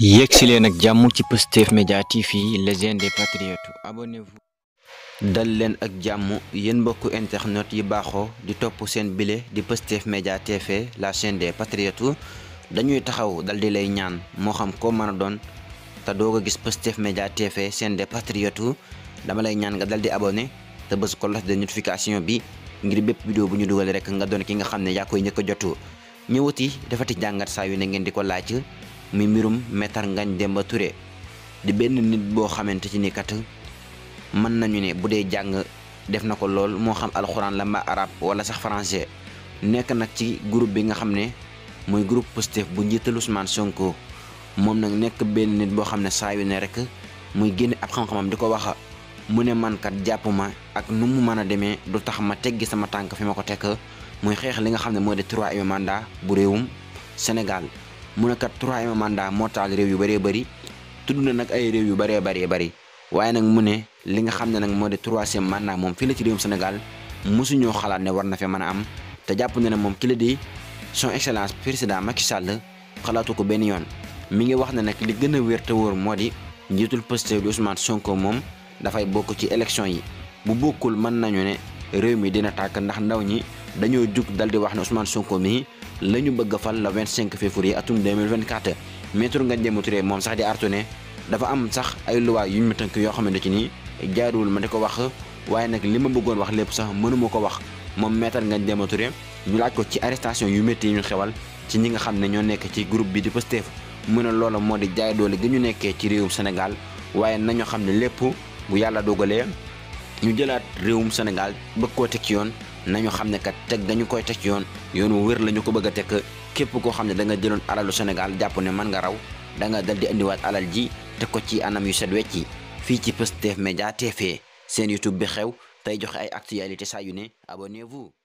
yéeg si leen ak jàmm ci Pastef Média TV les des patriotes abonnez-vous dal leen ak jàmm yéen mbokku internet yi baaxoo di topp seen bile di Pastef Média TV la chaîne des patriotes dañuy taxaw dal di lay ñaan moo xam koo mën a doon te doo ko gis Pastef Média TV chaîne des dama lay ñaan nga dal di abonné te bës ko las de notification bi ngir bépp vidéo bu ñu dugal rek nga doon ki nga xam ne yaa koy njëkk a jotu ñëwati dafati jàngat saa yu ne ngeen di ko laaj muy mbirum ngañ dem ba Touré di benn nit boo xamante ci ni kat mën nañu ne bu dee jàng def na ko lool moo xam alxuraan la mbaa arab wala sax français nekk nag ci groupe bi nga xam ne mooy groupe Pastef bu njiital Ousmane Sonko moom nag nekk benn nit boo xam ne saa yu ne rek muy génne ab xam-xamam di ko wax mu ne man kat jàpp ma ak nu mu mën a demee du tax ma teggi sama tànk fi ma ko tekk muy xeex li nga xam ne mooy di troisième mandat bu réewum Sénégal mu ne kat troisième mandat moo taal réew yu bëree bëri tudd na nag ay réew yu bëree bëree bëri waaye nag mu ne li nga xam ne nag moo di troisième mandat moom fii la ci réewum senegal mosuñoo xalaat ne war na fi mën a am te jàpp na ne moom ki la di son excellence président Macky Sall xalaatu ko benn yoon mi ngi wax ne nag li gën a wér te moo di njiitul Pastef di Ousmane Sonko moom dafay bokk ci élection yi bu bokkul mën nañu ne réew mi dina tàkk ndax ndaw ñi dañoo jug dal di wax ne Ousmane Sonko mii la ñu bëgg a fal le 25 février atum 2024 maître Ngagne Demba Touré moom sax di artu ne dafa am sax ay luwaa yu ñu ma tënk yoo xamante ci nii jaaruwul ma di ko wax waaye nag li ma bëggoon wax lépp sax mënuma ko wax moom maître Ngagne Demba ñu laaj ko ci arrestation yu métti yi ñu xewal ci ñi nga xam ne ñoo nekk ci groupe bi di Pastef mu ne loola moo di jaay doole gi ñu nekkee ci réewum Sénégal waaye nañu xam ne lépp bu yàlla dogalee ñu jëlaat réewum Sénégal bëgg koo teg ci yoon nañu xam ne kat teg dañu koy teg ci yoon yoon wu wér la ñu ko bëgg a teg képp koo xam ne da nga jëloon alalu Sénégal jàpp ne man nga raw danga nga di indiwaat alal ji teg ko ci anam yu set wecci fii ci Pastef Média TV seen YouTube bi xew tey joxe ay actualité saa yu ne abonnez-vous